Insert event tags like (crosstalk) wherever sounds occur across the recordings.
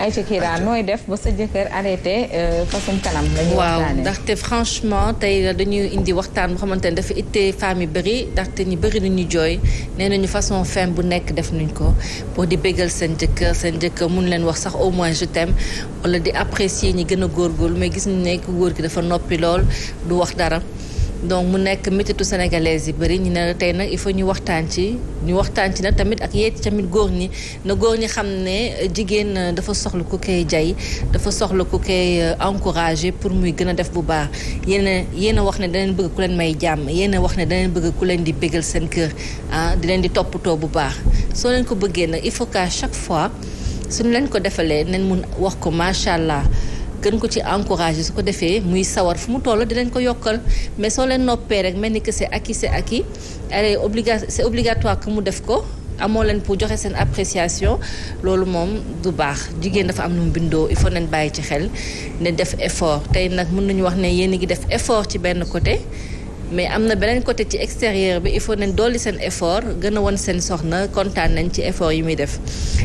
ay ci kii def ba sa jëkkër arrêté euh, façon kanam. waaw ndaxte franchement tey dañuy indi waxtaan bu xamante ne dafa itte femme yu bëri ndaxte ñi bëri nañu jooy nee nañu façon femme bu nekk def nuñ ko boo di béggal seen jëkkër seen jëkkër mun leen wax sax au moins je t'aime wala di apprécier ñi gën a góorgóorlu mais gis nañu ne ku góor gi dafa noppi lool du wax dara. donc mu nekk métitu sénégalais yi bëri ñu ne tey nag il faut ñu waxtaan ci ñu waxtaan ci nag tamit ak yeeti tamit góor ñi na góor ñi xam ne jigéen dafa soxla ku koy jay dafa soxla ku koy euh, encourager pour muy gën a def bu baax yéen a yéen a wax ne daneen bëgg ku leen may jàmm yéen a wax ne daneen bëgg ku leen di bégal seen kër ah di leen di toppatoo bu baax soo leen ko bëggee nag il faut qu'à chaque fois suñu leen ko defalee nañ mun wax ko macha allah. gën ko ci encouragé su ko defee muy sawar fu mu toll leen ko yokkal mais soo leen noppee rek mel ni que c'est acquis c'est acquis allez obliga c'est obligatoire que mu def ko amoo leen pour joxe seen appréciation loolu moom du baax jigéen dafa am lu mu bindoo il faut nañ bàyyi ci xel ne def effort tey nag mun nañu wax ne yéen a ngi def effort ci benn côté mais am na beneen côté ci extérieur bi il faut nañ dolli seen effort gën a won seen soxna kontaan nañ ci effort yi muy def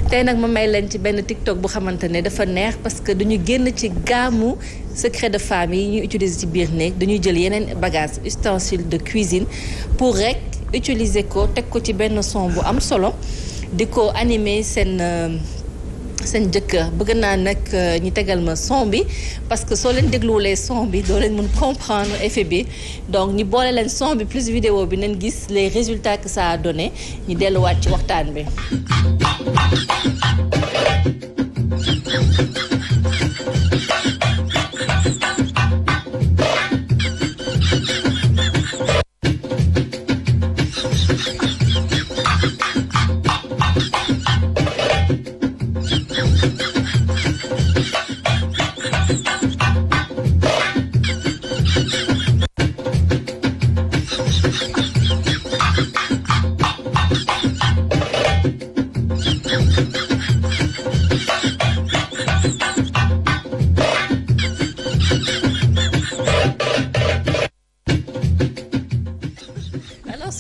tey nag ma may leen ci benn TikTok bu xamante ne dafa neex parce que dañu génn ci gaamu secret de famille yi ñuy utiliser ci biir néeg dañuy jël yeneen bagage ustensile de cuisine pour rek utiliser ko teg ko ci benn son bu am solo di ko animer seen euh, seen jëkkër bëgg naa nag euh, ñu tegal ma son bi parce que soo leen dégluwulee son bi doo leen mun comprendre effet bi donc ñu boole leen son bi plus vidéo bi nañ gis les résultat que ça a donné ñu delluwaat ci waxtaan bi.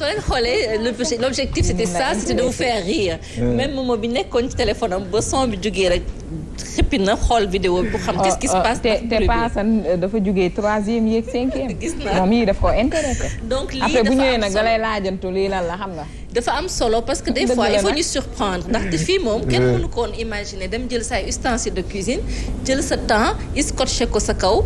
leen xoolee l'objectif c'était ça c'était de vous faire rire même moom bi nekkoon ci téléphone am ba son bi jugee rek xippi na xool vidéo bi pour xam qu'est-ce qui se oh, oh, passe te paasan euh, dafa jugee troisième yeeg cinquième (laughs) gis naa moom yii daf ko intéressé donc lii dafa après bu ñëwee nag da lay laajantu lii lan la xam nga dafa am solo parce que des fois il faut ñu surprendre ndaxte fii moom kenn mënu koon imaginer dem jël say ustensile de cuisine jël sa temps scotché ko sa kaw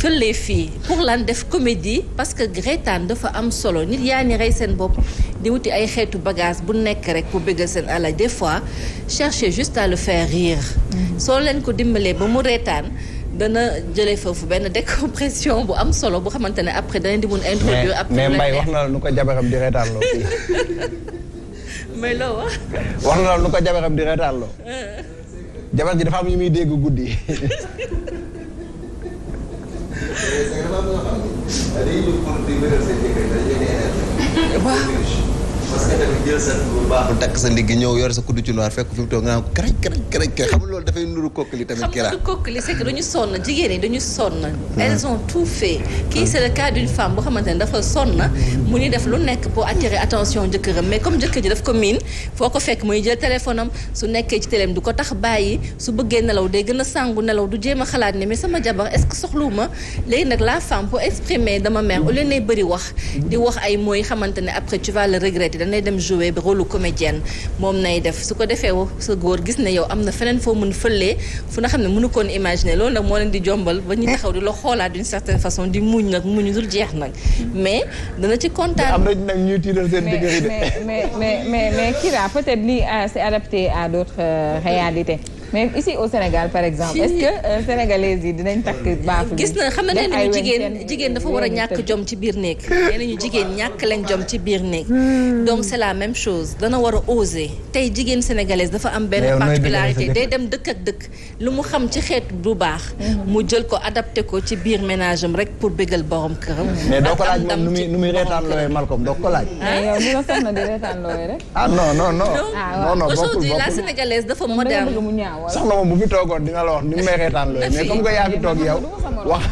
fële fii pour laan def comédie parce que reetaan dafa am solo nit yaa ni rey seen bopp di wuti ay xeetu bagage bu nekk rek bu bëggal seen alal des fois cherchez juste le fair rire mm-hmm. soo leen ko dimbalee ba mu reetaan dana jëlee foofu benn décompression bu am solo bu xamante ne après danañ di mun introduire. après mais Mbaye wax na la ko jabaram di reetaan wax. na la nu ko jabaram di reetaan loo. (laughs) (laughs) jabar ji dafa am ñu muy dégg guddi. (laughs) waaw. parce que tamit jël sa bu baax. bu takk sa ndigg ñëw yor sa kuddu ci noor fekk fi mu toog nga naan karaj karaj karaj karaj xam nga loolu dafay nuru kokkili tamit. kii la xam nga kokkili c'est que dañu sonn jigéen ñi dañu sonn. elles ont tout fait. kii c'est le cas d'une femme boo xamante ne dafa sonn. mu ni def lu nekk pour attirer attention jëkkëram mais comme jëkkër ji daf ko miin foo ko fekk muy jël téléphone am su nekkee ci téléem du ko tax bàyyi su bëggee nelaw day gën a sàngu nelaw du jéem a xalaat ne mais sama jabar est-ce que soxluwuma léegi nag la femme pour exprimer dama mer au lieu ne bëri wax di wax ay mooy xamante ne après tu vas le regretter danay dem jouer rôle comédienne moom nay def su ko defee sa góor gis ne yow am na feneen foo mën fëlee fu nga xam ne mënu koon imaginer loolu nag moo leen di jombal ba ñu taxaw di la xoolaat d'une certaine di muñ nag muñ dul jeex nag mais dana ci kontaan am nañ nag ñuy tiital seen mais mais mais mais Kira peut-être lii euh, c'est adapté à d'autres euh, réalités mais ici au Sénégal par exemple est-ce que euh, sénégalais yi dinañ takk baaful gis na xam na nee nañu jigéen jigéen dafa war a ñàkk jom ci biir néeg nee nañu jigéen ñàkk leen jom ci biir néeg hmm. donc c'est la même chose dana war a oser tey jigéen sénégalaise dafa am benn particularité day dem dëkk ak dëkk lu mu xam ci xeet bu baax hmm. mu jël ko adapté ko ci biir ménage am rek pour bégal borom këram hmm. mais doo nu muy nu muy reetaan looyee Malcolm doo ko laaj ah? yow ni la soxna di reetaan looyee rek ah, ah soxna moom bu fi toogoon dina la wax ni may reetaan looy mais comme que yaa fi toog yow wax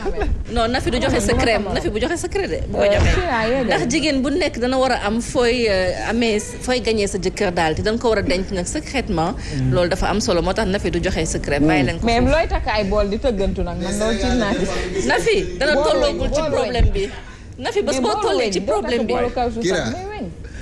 non na du joxe secret na fi bu bu nekk dana war a am fooy euh, amee fooy gañee sa jëkkër daal te da nga ko war a denc nag secrètement mm. loolu dafa am solo moo tax na fi du joxe secret bàyyi leen ko mais looy takk ay bool di tëggantu nag man loolu ci naa na fi dana tolloogul ci problème bi na fi bas boo tollee ci problème bi kii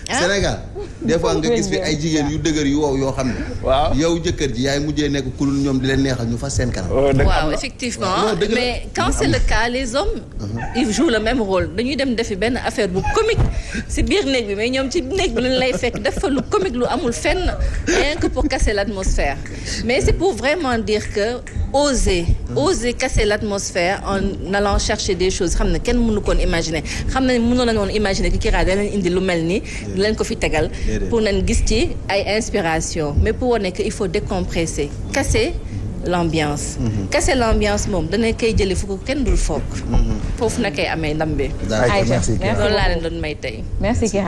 Ah. Sénégal des fois nga gis fi ay jigéen yu dëgër yu wow yoo xam ne. waaw yow jëkkër ji yaay mujjee nekk kulul ñoom di leen neexal ñu fas seen kanam. Oh, waaw effectivement mais quand c'est le cas les hommes. Uh-huh. ils jouent le même dañuy dem defi benn affaire bu comique si biir néeg bi mais ñoom ci néeg bi fekk def fa lu comique lu amul fenn rien que pour casser l'atmosphère mais c'est pour vraiment dire que oser. Uh-huh. oser casser l'atmosphère en allant chercher des choses xam ne kenn mënu koon imaginer xam ne mënoon nañu woon imaginer que Kira danañ indi lu mel nii. leen ko fi tegal pour nañ gis ci ay inspiration mais pour wane que il faut décompresser casser l'ambiance mm-hmm. casser l'ambiance moom dana koy jële fu ko kenn dul foog mm-hmm. foofu na amee ndam bi ay merci loolu laa leen doon may tey